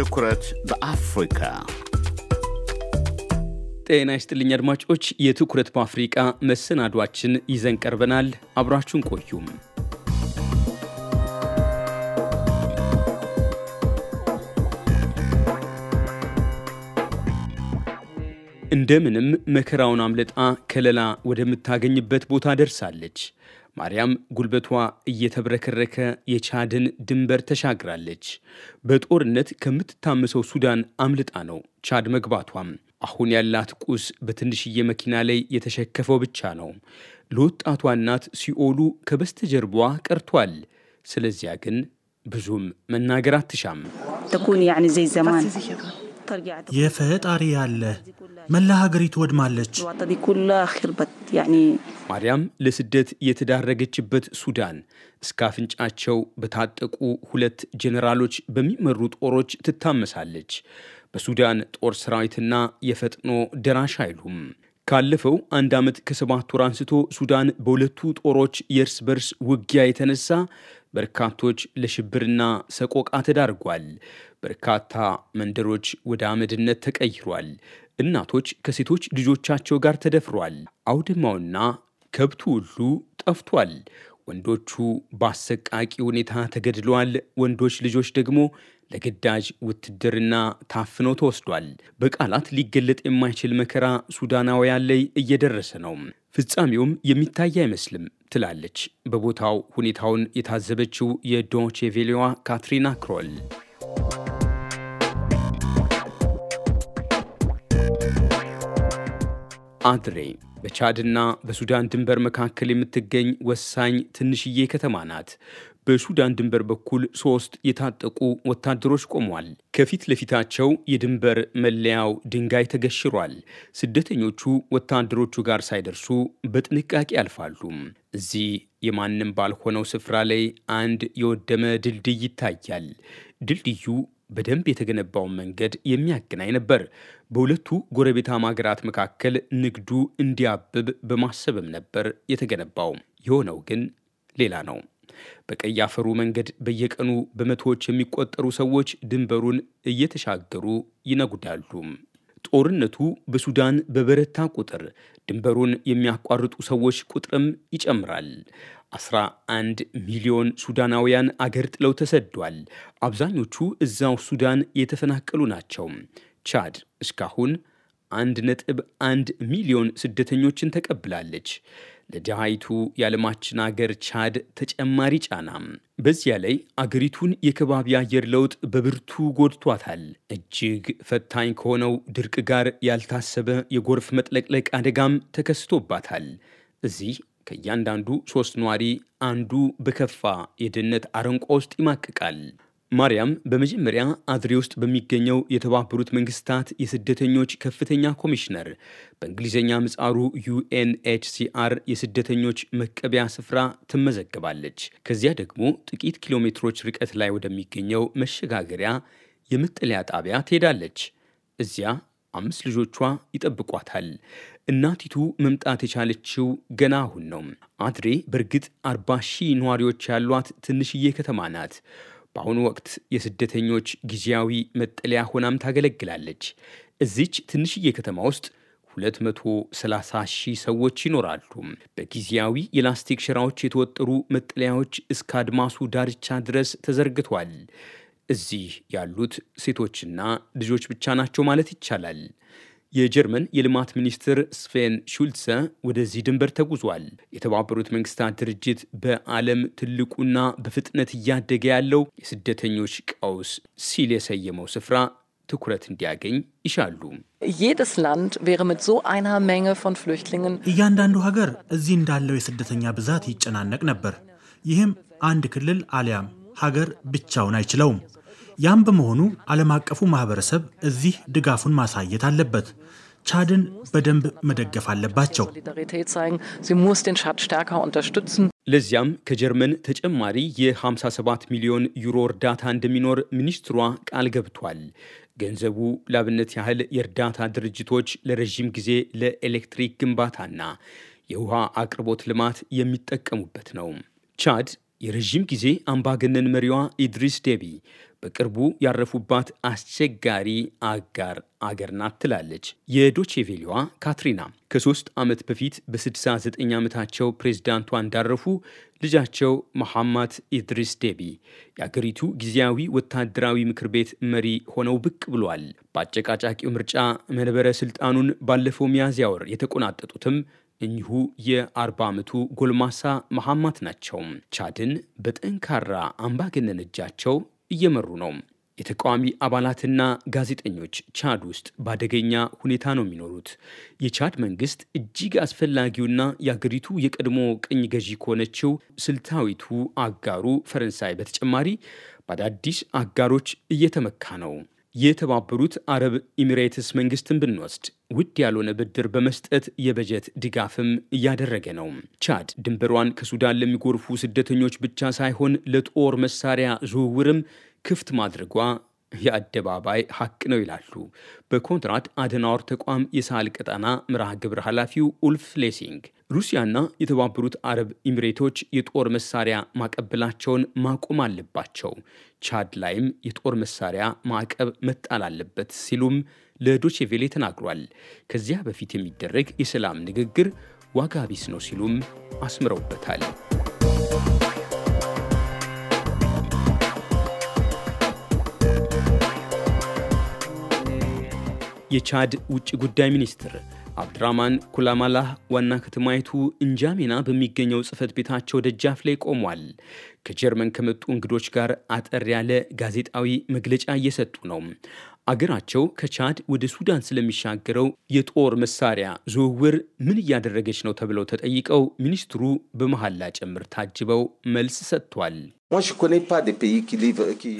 ትኩረት በአፍሪካ ጤና ይስጥልኝ አድማጮች። የትኩረት በአፍሪቃ መሰናዷችን ይዘን ቀርበናል። አብራችሁን ቆዩም። እንደምንም መከራውን አምልጣ ከለላ ወደምታገኝበት ቦታ ደርሳለች። ማርያም ጉልበቷ እየተብረከረከ የቻድን ድንበር ተሻግራለች። በጦርነት ከምትታመሰው ሱዳን አምልጣ ነው ቻድ መግባቷም። አሁን ያላት ቁስ በትንሽዬ መኪና ላይ የተሸከፈው ብቻ ነው። ለወጣቷ እናት ሲኦሉ ከበስተጀርቧ ቀርቷል። ስለዚያ ግን ብዙም መናገር አትሻም። ትኩን ያኔ ዘይ ዘማን የፈጣሪ ያለ መላ ሀገሪቱ ወድማለች። ማርያም ለስደት የተዳረገችበት ሱዳን እስከ አፍንጫቸው በታጠቁ ሁለት ጄኔራሎች በሚመሩ ጦሮች ትታመሳለች። በሱዳን ጦር ሰራዊትና የፈጥኖ ደራሽ አይሉም። ካለፈው አንድ ዓመት ከሰባት ወር አንስቶ ሱዳን በሁለቱ ጦሮች የእርስ በርስ ውጊያ የተነሳ በርካቶች ለሽብርና ሰቆቃ ተዳርጓል። በርካታ መንደሮች ወደ አመድነት ተቀይሯል። እናቶች ከሴቶች ልጆቻቸው ጋር ተደፍሯል። አውድማውና ከብቱ ሁሉ ጠፍቷል። ወንዶቹ በአሰቃቂ ሁኔታ ተገድለዋል። ወንዶች ልጆች ደግሞ ለግዳጅ ውትድርና ታፍነው ተወስዷል። በቃላት ሊገለጥ የማይችል መከራ ሱዳናውያን ላይ እየደረሰ ነው። ፍጻሜውም የሚታይ አይመስልም ትላለች በቦታው ሁኔታውን የታዘበችው የዶቼ ቬሌዋ ካትሪና ክሮል። አድሬ በቻድና በሱዳን ድንበር መካከል የምትገኝ ወሳኝ ትንሽዬ ከተማ ናት። በሱዳን ድንበር በኩል ሶስት የታጠቁ ወታደሮች ቆመዋል። ከፊት ለፊታቸው የድንበር መለያው ድንጋይ ተገሽሯል። ስደተኞቹ ወታደሮቹ ጋር ሳይደርሱ በጥንቃቄ ያልፋሉ። እዚህ የማንም ባልሆነው ስፍራ ላይ አንድ የወደመ ድልድይ ይታያል። ድልድዩ በደንብ የተገነባውን መንገድ የሚያገናኝ ነበር። በሁለቱ ጎረቤታማ ሀገራት መካከል ንግዱ እንዲያብብ በማሰብም ነበር የተገነባው። የሆነው ግን ሌላ ነው። በቀይ አፈሩ መንገድ በየቀኑ በመቶዎች የሚቆጠሩ ሰዎች ድንበሩን እየተሻገሩ ይነጉዳሉ። ጦርነቱ በሱዳን በበረታ ቁጥር ድንበሩን የሚያቋርጡ ሰዎች ቁጥርም ይጨምራል። 11 ሚሊዮን ሱዳናውያን አገር ጥለው ተሰዷል። አብዛኞቹ እዛው ሱዳን የተፈናቀሉ ናቸው። ቻድ እስካሁን 1.1 ሚሊዮን ስደተኞችን ተቀብላለች። ለድሃይቱ የዓለማችን አገር ቻድ ተጨማሪ ጫና። በዚያ ላይ አገሪቱን የከባቢ አየር ለውጥ በብርቱ ጎድቷታል። እጅግ ፈታኝ ከሆነው ድርቅ ጋር ያልታሰበ የጎርፍ መጥለቅለቅ አደጋም ተከስቶባታል። እዚህ ከእያንዳንዱ ሶስት ነዋሪ አንዱ በከፋ የድህነት አረንቋ ውስጥ ይማቅቃል። ማርያም በመጀመሪያ አድሬ ውስጥ በሚገኘው የተባበሩት መንግስታት የስደተኞች ከፍተኛ ኮሚሽነር በእንግሊዝኛ ምጻሩ ዩኤንኤችሲአር የስደተኞች መቀበያ ስፍራ ትመዘግባለች። ከዚያ ደግሞ ጥቂት ኪሎ ሜትሮች ርቀት ላይ ወደሚገኘው መሸጋገሪያ የመጠለያ ጣቢያ ትሄዳለች። እዚያ አምስት ልጆቿ ይጠብቋታል። እናቲቱ መምጣት የቻለችው ገና አሁን ነው። አድሬ በእርግጥ አርባ ሺህ ነዋሪዎች ያሏት ትንሽዬ ከተማ ናት። በአሁኑ ወቅት የስደተኞች ጊዜያዊ መጠለያ ሆናም ታገለግላለች። እዚች ትንሽዬ ከተማ ውስጥ 230 ሺህ ሰዎች ይኖራሉ። በጊዜያዊ የላስቲክ ሸራዎች የተወጠሩ መጠለያዎች እስከ አድማሱ ዳርቻ ድረስ ተዘርግቷል። እዚህ ያሉት ሴቶችና ልጆች ብቻ ናቸው ማለት ይቻላል። የጀርመን የልማት ሚኒስትር ስፌን ሹልሰ ወደዚህ ድንበር ተጉዟል። የተባበሩት መንግስታት ድርጅት በዓለም ትልቁና በፍጥነት እያደገ ያለው የስደተኞች ቀውስ ሲል የሰየመው ስፍራ ትኩረት እንዲያገኝ ይሻሉ። እያንዳንዱ ሀገር እዚህ እንዳለው የስደተኛ ብዛት ይጨናነቅ ነበር። ይህም አንድ ክልል አሊያም ሀገር ብቻውን አይችለውም። ያም በመሆኑ ዓለም አቀፉ ማህበረሰብ እዚህ ድጋፉን ማሳየት አለበት። ቻድን በደንብ መደገፍ አለባቸው። ለዚያም ከጀርመን ተጨማሪ የ57 ሚሊዮን ዩሮ እርዳታ እንደሚኖር ሚኒስትሯ ቃል ገብቷል። ገንዘቡ ላብነት ያህል የእርዳታ ድርጅቶች ለረዥም ጊዜ ለኤሌክትሪክ ግንባታና የውሃ አቅርቦት ልማት የሚጠቀሙበት ነው። ቻድ የረዥም ጊዜ አምባገነን መሪዋ ኢድሪስ ዴቢ በቅርቡ ያረፉባት አስቸጋሪ አጋር አገር ናት ትላለች የዶቼቬሊዋ ካትሪና። ከሶስት ዓመት በፊት በ69 ዓመታቸው ፕሬዝዳንቷ እንዳረፉ ልጃቸው መሐማት ኢድሪስ ዴቢ የአገሪቱ ጊዜያዊ ወታደራዊ ምክር ቤት መሪ ሆነው ብቅ ብሏል። በአጨቃጫቂው ምርጫ መንበረ ስልጣኑን ባለፈው ሚያዝያ ወር የተቆናጠጡትም እኚሁ የ40 ዓመቱ ጎልማሳ መሐማት ናቸው። ቻድን በጠንካራ አምባገነን እጃቸው እየመሩ ነው። የተቃዋሚ አባላትና ጋዜጠኞች ቻድ ውስጥ በአደገኛ ሁኔታ ነው የሚኖሩት። የቻድ መንግስት እጅግ አስፈላጊውና የአገሪቱ የቀድሞ ቅኝ ገዢ ከሆነችው ስልታዊቱ አጋሩ ፈረንሳይ በተጨማሪ በአዳዲስ አጋሮች እየተመካ ነው። የተባበሩት አረብ ኢሚሬትስ መንግስትን ብንወስድ ውድ ያልሆነ ብድር በመስጠት የበጀት ድጋፍም እያደረገ ነው። ቻድ ድንበሯን ከሱዳን ለሚጎርፉ ስደተኞች ብቻ ሳይሆን ለጦር መሳሪያ ዝውውርም ክፍት ማድረጓ የአደባባይ ሀቅ ነው ይላሉ በኮንትራት አደናወር ተቋም የሳህል ቀጠና ምርሃ ግብር ኃላፊው ኡልፍ ሌሲንግ። ሩሲያና የተባበሩት አረብ ኢሚሬቶች የጦር መሳሪያ ማቀበላቸውን ማቆም አለባቸው፣ ቻድ ላይም የጦር መሳሪያ ማዕቀብ መጣል አለበት ሲሉም ለዶቼቬሌ ተናግሯል። ከዚያ በፊት የሚደረግ የሰላም ንግግር ዋጋ ቢስ ነው ሲሉም አስምረውበታል። የቻድ ውጭ ጉዳይ ሚኒስትር አብድራማን ኩላማላህ ዋና ከተማይቱ እንጃሜና በሚገኘው ጽህፈት ቤታቸው ደጃፍ ላይ ቆሟል። ከጀርመን ከመጡ እንግዶች ጋር አጠር ያለ ጋዜጣዊ መግለጫ እየሰጡ ነው። አገራቸው ከቻድ ወደ ሱዳን ስለሚሻገረው የጦር መሳሪያ ዝውውር ምን እያደረገች ነው ተብለው ተጠይቀው ሚኒስትሩ በመሐላ ጭምር ታጅበው መልስ ሰጥቷል።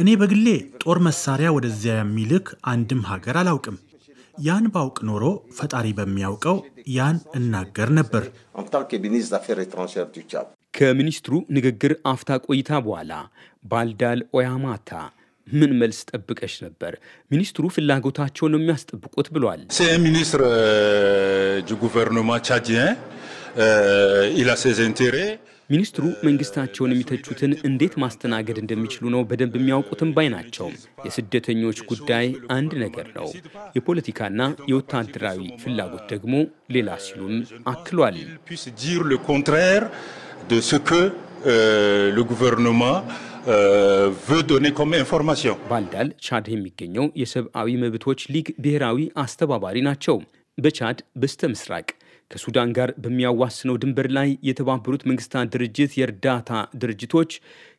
እኔ በግሌ ጦር መሳሪያ ወደዚያ የሚልክ አንድም ሀገር አላውቅም። ያን ባውቅ ኖሮ ፈጣሪ በሚያውቀው ያን እናገር ነበር። ከሚኒስትሩ ንግግር አፍታ ቆይታ በኋላ ባልዳል ኦያማታ ምን መልስ ጠብቀሽ ነበር? ሚኒስትሩ ፍላጎታቸውን ነው የሚያስጠብቁት ብሏል። ሚኒስትር ጉቨርኖማ ቻጅ ኢላሴዘንቴሬ ሚኒስትሩ መንግስታቸውን የሚተቹትን እንዴት ማስተናገድ እንደሚችሉ ነው በደንብ የሚያውቁትም ባይ ናቸው። የስደተኞች ጉዳይ አንድ ነገር ነው፣ የፖለቲካና የወታደራዊ ፍላጎት ደግሞ ሌላ ሲሉም አክሏል። euh, euh, ባልዳል ቻድ የሚገኘው የሰብአዊ መብቶች ሊግ ብሔራዊ አስተባባሪ ናቸው። በቻድ በስተ ምስራቅ ከሱዳን ጋር በሚያዋስነው ድንበር ላይ የተባበሩት መንግስታት ድርጅት የእርዳታ ድርጅቶች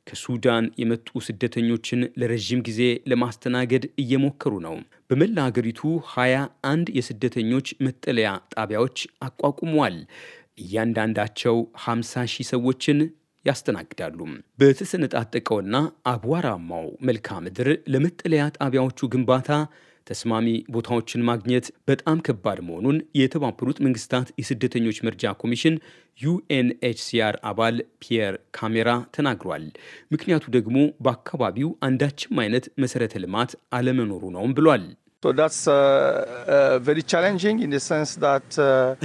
ከሱዳን የመጡ ስደተኞችን ለረዥም ጊዜ ለማስተናገድ እየሞከሩ ነው። በመላ ሀገሪቱ 21 የስደተኞች መጠለያ ጣቢያዎች አቋቁመዋል። እያንዳንዳቸው 50 ሺህ ሰዎችን ያስተናግዳሉ። በተሰነጣጠቀውና አቧራማው መልክዓ ምድር ለመጠለያ ጣቢያዎቹ ግንባታ ተስማሚ ቦታዎችን ማግኘት በጣም ከባድ መሆኑን የተባበሩት መንግስታት የስደተኞች መርጃ ኮሚሽን ዩኤንኤችሲአር አባል ፒየር ካሜራ ተናግሯል። ምክንያቱ ደግሞ በአካባቢው አንዳችም አይነት መሰረተ ልማት አለመኖሩ ነውም ብሏል። Uh, uh, uh,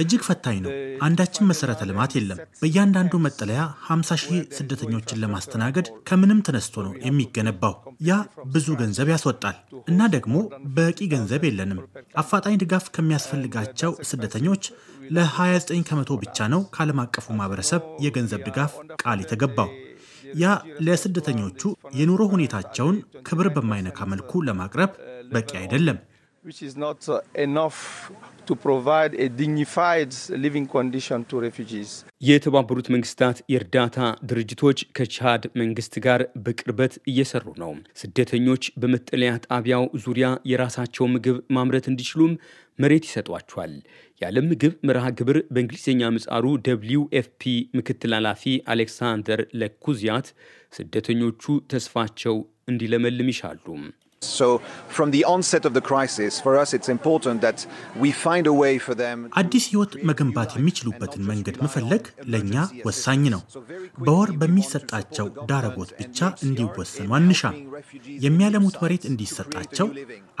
እጅግ ፈታኝ ነው። አንዳችን መሰረተ ልማት የለም። በእያንዳንዱ መጠለያ 50 ሺህ ስደተኞችን ለማስተናገድ ከምንም ተነስቶ ነው የሚገነባው። ያ ብዙ ገንዘብ ያስወጣል እና ደግሞ በቂ ገንዘብ የለንም። አፋጣኝ ድጋፍ ከሚያስፈልጋቸው ስደተኞች ለ29 ከመቶ ብቻ ነው ከዓለም አቀፉ ማህበረሰብ የገንዘብ ድጋፍ ቃል የተገባው። ያ ለስደተኞቹ የኑሮ ሁኔታቸውን ክብር በማይነካ መልኩ ለማቅረብ በቂ አይደለም። which is not uh, enough to provide a dignified living condition to refugees። የተባበሩት መንግስታት የእርዳታ ድርጅቶች ከቻድ መንግስት ጋር በቅርበት እየሰሩ ነው። ስደተኞች በመጠለያ ጣቢያው ዙሪያ የራሳቸው ምግብ ማምረት እንዲችሉም መሬት ይሰጧቸዋል። የዓለም ምግብ መርሃ ግብር በእንግሊዝኛ ምጻሩ ደብሊው ኤፍፒ ምክትል ኃላፊ አሌክሳንደር ለኩዚያት ስደተኞቹ ተስፋቸው እንዲለመልም ይሻሉ። አዲስ ህይወት መገንባት የሚችሉበትን መንገድ መፈለግ ለእኛ ወሳኝ ነው። በወር በሚሰጣቸው ዳረጎት ብቻ እንዲወሰኑ አንሻም። የሚያለሙት መሬት እንዲሰጣቸው፣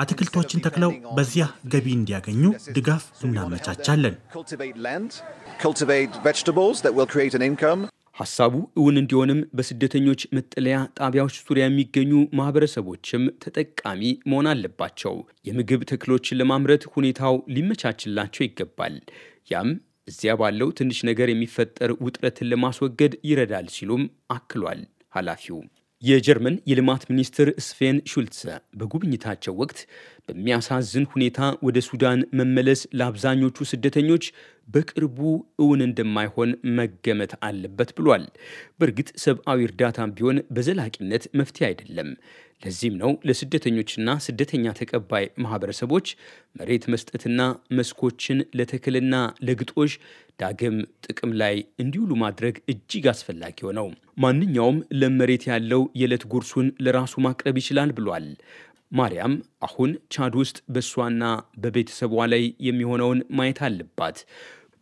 አትክልቶችን ተክለው በዚያ ገቢ እንዲያገኙ ድጋፍ እናመቻቻለን። ሐሳቡ እውን እንዲሆንም በስደተኞች መጠለያ ጣቢያዎች ዙሪያ የሚገኙ ማህበረሰቦችም ተጠቃሚ መሆን አለባቸው። የምግብ ተክሎችን ለማምረት ሁኔታው ሊመቻችላቸው ይገባል። ያም እዚያ ባለው ትንሽ ነገር የሚፈጠር ውጥረትን ለማስወገድ ይረዳል ሲሉም አክሏል ኃላፊው። የጀርመን የልማት ሚኒስትር ስፌን ሹልትስ በጉብኝታቸው ወቅት በሚያሳዝን ሁኔታ ወደ ሱዳን መመለስ ለአብዛኞቹ ስደተኞች በቅርቡ እውን እንደማይሆን መገመት አለበት ብሏል። በእርግጥ ሰብአዊ እርዳታም ቢሆን በዘላቂነት መፍትሄ አይደለም። ለዚህም ነው ለስደተኞችና ስደተኛ ተቀባይ ማህበረሰቦች መሬት መስጠትና መስኮችን ለተክልና ለግጦሽ ዳግም ጥቅም ላይ እንዲውሉ ማድረግ እጅግ አስፈላጊ ሆነው። ማንኛውም ለመሬት ያለው የዕለት ጉርሱን ለራሱ ማቅረብ ይችላል ብሏል። ማርያም አሁን ቻድ ውስጥ በእሷና በቤተሰቧ ላይ የሚሆነውን ማየት አለባት።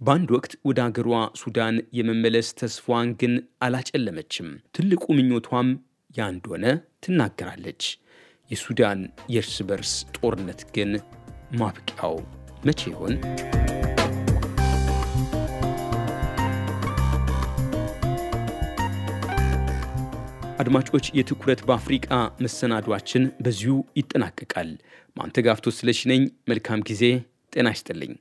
በአንድ ወቅት ወደ አገሯ ሱዳን የመመለስ ተስፋዋን ግን አላጨለመችም። ትልቁ ምኞቷም ያ እንደሆነ ትናገራለች። የሱዳን የእርስ በርስ ጦርነት ግን ማብቂያው መቼ ይሆን? አድማጮች የትኩረት በአፍሪቃ መሰናዷችን በዚሁ ይጠናቀቃል። ማንተጋፍቶ ስለሽነኝ መልካም ጊዜ። ጤና ይስጥልኝ።